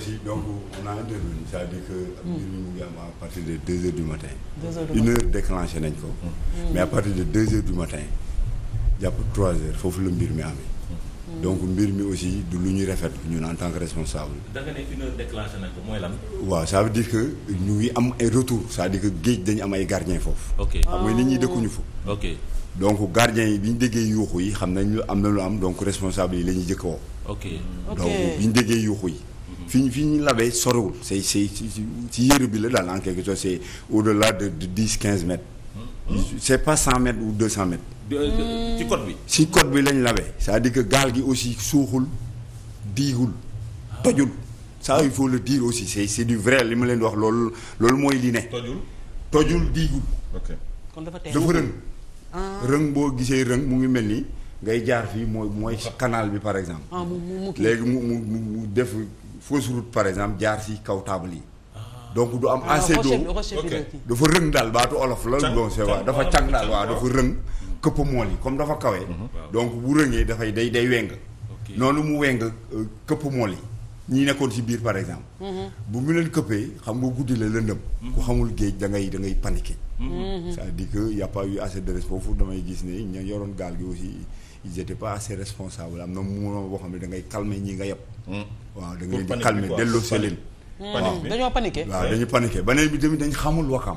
aussi donc on à dire que. mbir mi mu ngi am à nañ ko. Mm. Mm. mais à partir deux heures du matin jàpp trois foofu la mbir mi amee. Mm. donc mbir mi aussi du lu ñuy rafet ñun en tant que responsable. da nga nañ ko mooy lan. waaw ça veut que ñu ngi am ay retour sa à dire que géej dañu am ay gardien foofu. ok xam nga nit ñi ah. dëkkuñu fa. ok donc gardien yi bi ñu déggee yuuxu yi xam nañ ñu am na lu am donc responsable yi la ñuy jëkk woo. ok donc bi ñu déggee yuuxu yi. fi ñu fi ñu lawee soriwul c'est c'est ci yëre bi la daal en quelque sorte c'est au-delà de de dix quinze mètres. c'est pas cent mètres ou deux cent mètres. Euh, bi. ci côte bi lañ lawee. cest à que gaal gi aussi suuxul diigul tojul saa il faut le dire aussi c'est c'est du vrai li ma leen wax loolu loolu mooy li ne. tojul tojul diigul. kon dafa tey dafa rëng. Ah. rëng boo gisee rëng mu ngi mel ni ngay jaar fii mooy mooy canal bi par exemple. Ah, léegi mu mu mu def. fausse route par exemple jaar si kaw table yi. Ah. donc du am ah, assez d'eau dafa rëng daal baatu olof la bon c'est waaw dafa càng daal waaw dafa rëng këpp mool yi comme dafa kawe mhm. donc bu rëngee dafay day day weng noonu mu weng euh, këpp mool yi ñu nekkoon si biir par exemple mhm. bu mu leen këppee xam nga guddi la lëndëm mhm. ku xamul géej da ngay da ngay paniquer c'est-à-dire a pas eu foofu damay gis ne ña yoroon gaal gi aussi ils étaient pas assez responsables am na mu boo xam ne da ngay calmer ñi nga yëpp waaw da ngeen di calmer delloo si leen. Hmm. panique bi dañoo paniqué. waaw dañu paniqué beneen bi tamit dañ xamul wakam.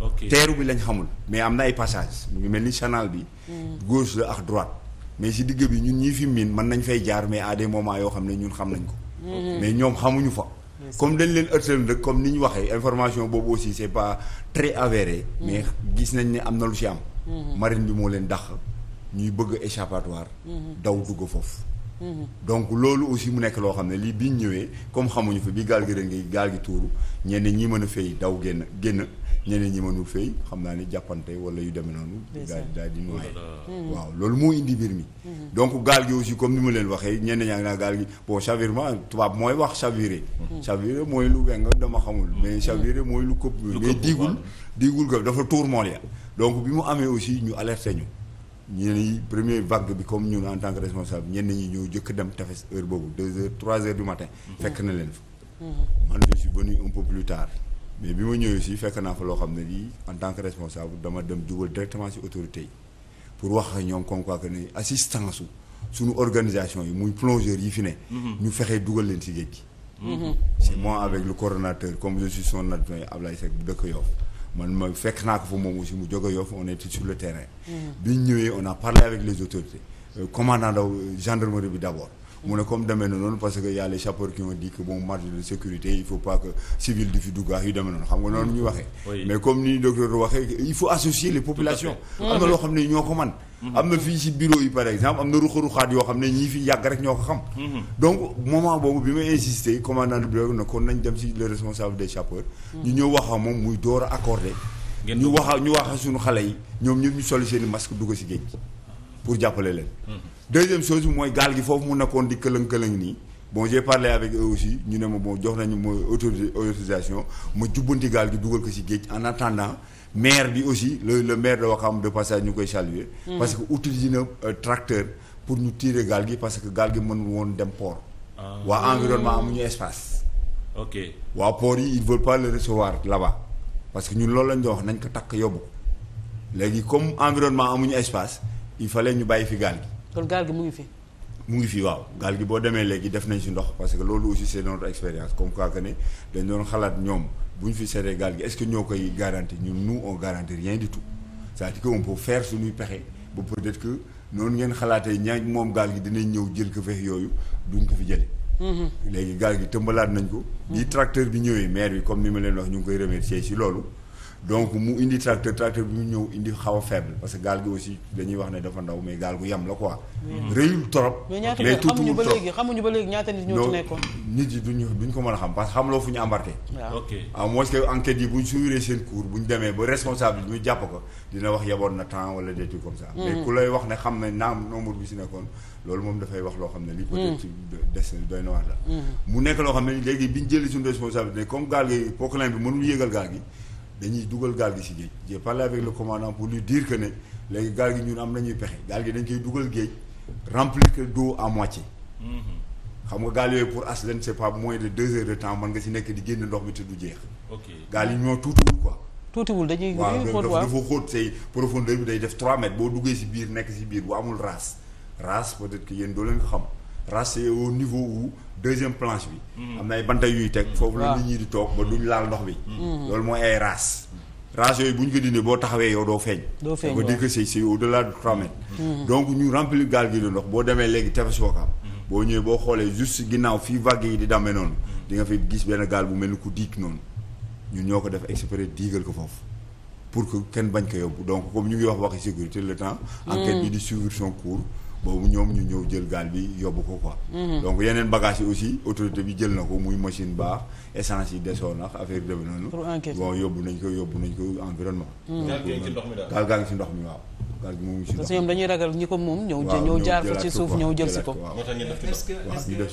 ok teeru bi lañ xamul. mais am na ay passage mu ngi mel ni canal bi. Hmm. gauche la ak droite. mais si digg bi ñun ñii fi miin mën nañ fay jaar mais à des yoo xam ne ñun xam nañ ko. Hmm. mais ñoom xamuñu fa. comme dañ leen ërtal rek comme ni ñu waxee information boobu aussi c'est pas très avéré. mais gis nañ ne am na lu si am. marine bi moo leen dax ñuy bëgg échappatoire. daw dugg foofu. donc loolu aussi mu nekk loo xam ne lii bi ñu ñëwee comme xamuñu fa bi gaal gi rek ngi gaal gi tuuru ñenn ñi mën a fay daw génn génn ñeneen ñi mënul fay xam naa ni jàppante wala yu demee noonu. daal daal di noyyi mmh. waaw loolu moo indi mbir mi. Mmh. donc gaal gi aussi comme ni ma leen waxee ñenn ñaa ngi naa gaal gi bon chavirement tubaab mooy wax chaviré. Mmh. chaviré mooy lu weng dama xamul. mais chaviré mooy lu këpp mais diigul diigul ga dafa tuur mool ya donc bi mu amee aussi ñu alerté ñu. ñu ne première vague bi comme ñun en tant que responsable ñenn ñi ñoo jëkk dem tefes heure boobu deux heures trois heures du matin. fekk na leen fa. man je suis venu un peu plus tard. mais bi ma ñëwee si fekk naa fa loo xam ne lii en tant que responsable dama dem jubal directement ci autorité yi pour wax ñoom comme quoi que ne assistance su suñu organisation yi muy plongeur yi fi ne. Mhm. ñu fexe dugal leen ci géej si mhm. c'est moi avec le coordonnateur comme je suis son adjoint Ablaye Seck bu man ma fekk naa ko fa moom aussi mu jóge Yoff on était sur le terrain. bi ñu ñëwee on a parlé avec les autorités euh, commandant daw gendarmerie bi d' abord. mu ne comme demee na noonu parce que y a les sapeurs qui ont dit que bon marge de sécurité il faut pas que civil di fi dugg ak yu demee noonu xam nga noonu ñuy waxee mais comme ni docteur waxee il faut associer les populations am na loo xam ne ñoo ko man mhm. am na fii ci bureau yi par exemple am na ruxa-ruxaat yoo xam ne ñii fi yàgg rek ñoo ko xam mhm. donc moment boobu bi ma insisté commandant de bureau na kon nañ dem ci le responsable des sapeurs mhm. ñu ñëw wax ak moom muy door a accordé ñu wax suñu xale yi ñoom ñëpp ñu soli seen i masque dugg ci pour jàppale leen. deuxième chose bi mooy gaal gi foofu mu nekkoon di këlëng këlëng nii bon j'ai parlé avec aussi ñu ne ma bon jox nañu ma autorisation ma jubbanti gaal gi dugal ko ci géej en attendant maire bi aussi le le maire de Wakam de passage ñu koy saluer. Mm. parce que utiliser na euh, tracteur pour ñu tirer gaal gi parce que gaal gi mën woon dem port. Ah. waa environnement amuñu espace. ok waa port yi ils veulent pas le recevoir là parce que ñun loolu lañ doon wax nañ ko takk yóbbu léegi comme environnement amuñu espace. il fallait ñu bàyyi fi gaal gi. kon gaal gi mu ngi fi. mu ngi fi waaw gaal gi boo demee léegi def nañ si ndox parce que loolu aussi c'est notre expérience comme quoi que ne dañ doon xalaat ñoom bu ñu fi seetee gaal gi est-ce que ñoo koy garanti ñu nous on garantit rien du tout cest à ko que on suñuy pexe ba peut-être que noonu ngeen xalaatee ña moom gaal gi dinañ ñëw jël ko yooyu duñ ko fi jële mm-hmm. léegi gaal gi tëmbalaat nañ ko. bi mm-hmm. tracteur bi ñëwee maire bi comme ni ma leen ñu ngi koy remercier si loolu. donc mu indi tracteur tracteur bi mu ñëw indi xaw a faible parce que gaal gi aussi dañuy wax ne dafa ndaw mais gaal gu yam la quoi. rëyul trop. mais tuutiwul trop mais xamuñu ba ñaata nit ñoo ci nekkoon. nit yi duñ duñ ko mën a xam parce que xamuloo fu ñu embarqué. waaw yi buñ suivre seen demee ba responsable bi ñu ko dina wax yeboon na temps wala des hmm. wax ne xam nañ naam nombre bi si nekkoon loolu moom dafay wax loo xam ne. li hmm. peut-être des doy na la. Hmm. mu nekk loo xam ne léegi biñ jëlee suñu responsabilité comme gaal gi poklaan bi mënul yëgal gaal gi dañuy dugal gaal gi ci géej j'ai parlé avec le commandant pour lui dire que ne léegi gaal gi ñun am nañuy pexe gaal gi dañ koy dugal géej remplir que d'eau à moitié mm-hmm. xam nga gaal yooyu pour as leen c'est pas moins de deux heures de temps mën nga si nekk di génn ndox mi te du jeex gaal yi ñoo tuutiwul quoi tuutiwul dañuy waaw dafa xóot say profondeur bi day def trois mètres boo duggee si biir nekk si biir bu amul raas raas peut-être que yéen doo le ko xam raché au niveau wu deuxième planche bi. Mm. am na ay banta yuy teg. Mm. foofu la nit di toog ba duñ laal ndox bi. Mm. loolu mooy ay race. race yooyu bu ñu ko dindee boo taxawee yow doo feeñ. doo feeñ waaw que c'est de trois mètres. donc ñu rempli gaal gi de ndox boo demee léegi tefes Ouakam. boo ñëwee boo xoolee juste ginnaaw fii vague yi di dammee noonu. di nga fi gis benn gaal bu mel ni ku diig noonu ñu ñoo ko def exprès diigal ko foofu. pour que kenn bañ ko yóbbu donc comme ñu ngi wax waxi sécurité le temps. enquête bi di suivre boobu ñoom ñu ñëw jël gaal bi yóbbu ko ko mhm. donc yeneen bagages yi aussi autorité bi jël na ko muy machine baax essence yi desoon nax affaire yi demee noonu. pour enquête bon yóbbu nañ ko yóbbu nañ ko environnement. Mhm. gaal gaa ngi ci ndox mi daal gaal waaw. gaal gi moom ci ndox mi parce que ñoom dañuy ragal ñi ko moom. ñëw jël ñëw jaar fa ci suuf ñëw jël si ko. waaw ñëw jëlaat ko waaw.